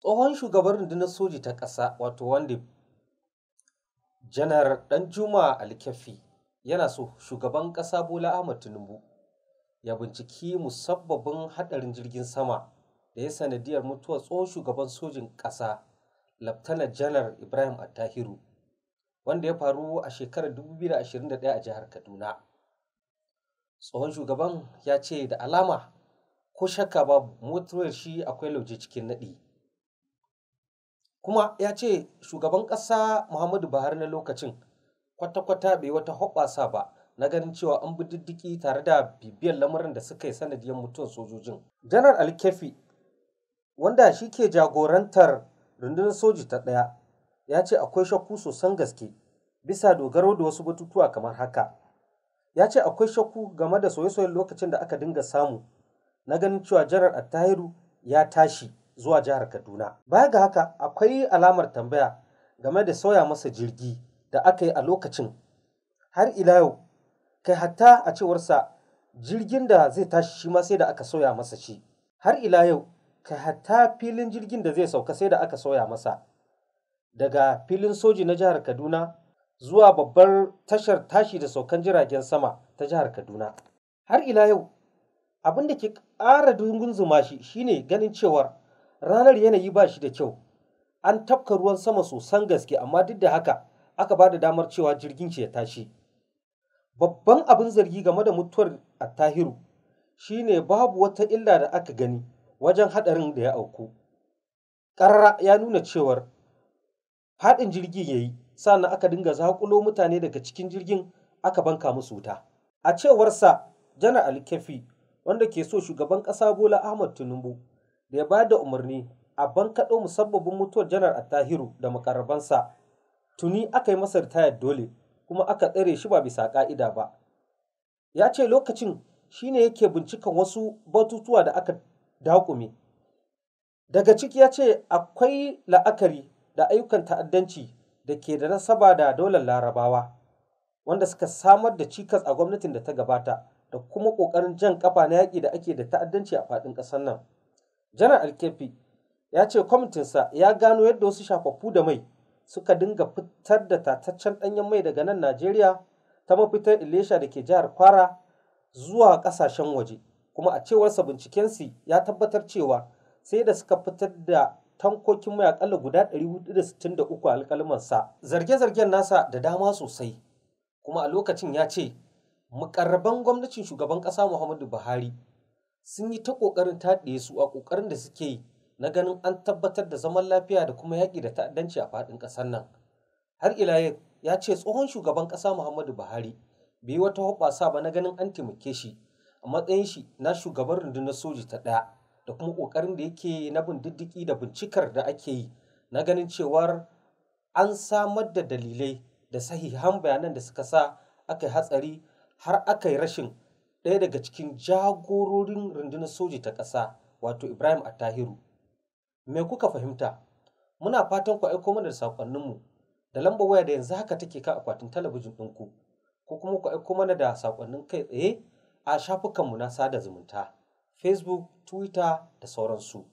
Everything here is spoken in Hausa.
tsohon shugaban rundunar soji ta ƙasa wato wanda janar danjuma alkafi yana so shugaban ƙasa bola ahmad tinubu ya binciki musabbabin haɗarin jirgin sama da ya sanadiyar mutuwar tsohon shugaban sojin ƙasa laftanar janar ibrahim attahiru wanda ya faru a shekarar 2021 a jihar kaduna tsohon shugaban ya ce da alama ko shakka ba motar shi akwai lauje cikin naɗi kuma ya ce shugaban ƙasa muhammadu buhari na lokacin kwata-kwata bai wata hoɓasa ba na ganin cewa an bi diddiki tare da bibiyar lamarin da suka yi sanadiyar mutuwar sojojin janar alkefi wanda shi ke jagorantar rundunar soji ta ɗaya ya ce akwai shakku sosan gaske bisa dogaro da wasu batutuwa kamar haka ya ce akwai shakku game da soye-soyen lokacin da aka dinga samu na ganin cewa janar attahiru ya tashi zuwa jihar Kaduna. Baya ga haka akwai alamar tambaya game da sauya masa jirgi da aka yi a lokacin har ila yau kai hatta a cewarsa jirgin da zai tashi shi ma sai da aka sauya masa shi har ila yau kai hatta filin jirgin da zai sauka sai da aka sauya masa daga filin soji na jihar Kaduna zuwa babbar tashar tashi da saukan jiragen sama ta jihar Kaduna. Har ila yau, abin da ke ƙara dungun zuma shi shine ganin cewar ranar yanayi ba shi da kyau an tafka ruwan sama sosan gaske amma duk da haka aka ba da damar cewa jirgin shi ya tashi babban abin zargi game da mutuwar attahiru shine babu wata illa da aka gani wajen haɗarin da ya auku ƙarara ya nuna cewar faɗin jirgin ya yi sannan aka dinga zaƙulo mutane daga cikin jirgin aka banka musu wuta a cewarsa janar alkefi wanda ke so shugaban ƙasa bola ahmad tinubu da ya ba da umarni a bankaɗo musabbabin mutuwar janar attahiru da makarabansa tuni aka yi masa ritayar dole kuma aka tsare shi ba bisa ƙa'ida ba ya ce lokacin ne yake bincikan wasu batutuwa da aka dakume daga ciki ya ce akwai la'akari da ayyukan ta'addanci da ke da nasaba da dolar larabawa wanda suka samar da cikas a gwamnatin da ta gabata da kuma ƙoƙarin jan ƙafa na yaƙi da ake da ta'addanci a faɗin ƙasar nan. Janar Alkefi ya ce kwamitinsa ya gano yadda wasu shafaffu da mai suka dinga fitar da tataccen ɗanyen mai daga nan Najeriya ta mafitar Ilesha da ke jihar Kwara zuwa ƙasashen waje. Kuma a cewarsa bincikensu ya tabbatar cewa sai da suka fitar da tankokin mai akalla guda 463 sa. Zarge-zargen nasa da dama sosai. Kuma a lokacin ya ce, mukarraban gwamnatin shugaban ƙasa Muhammadu Buhari sun yi ta ƙoƙarin taɗe su a ƙoƙarin da suke yi na ganin an tabbatar da zaman lafiya da kuma yaƙi da ta'addanci a faɗin ƙasar nan. Har ila yau ya ce tsohon shugaban ƙasa Muhammadu Buhari bai yi wata hoɓasa ba na ganin an taimake shi a matsayin shi na shugaban rundunar soji ta ɗaya da kuma ƙoƙarin da yake na bin diddiƙi da bincikar da ake yi na ganin cewar an samar da dalilai da sahihan bayanan da suka sa aka yi hatsari har aka yi rashin ɗaya daga cikin jagororin rundunar soji ta ƙasa wato Ibrahim Attahiru. Me kuka fahimta? Muna fatan ku aiko mana da saƙonninmu da lamba waya da yanzu haka take kan akwatin talabijin ɗinku ko kuma ku aiko mana da saƙonnin kai tsaye a shafukanmu na sada zumunta Facebook, Twitter da sauransu.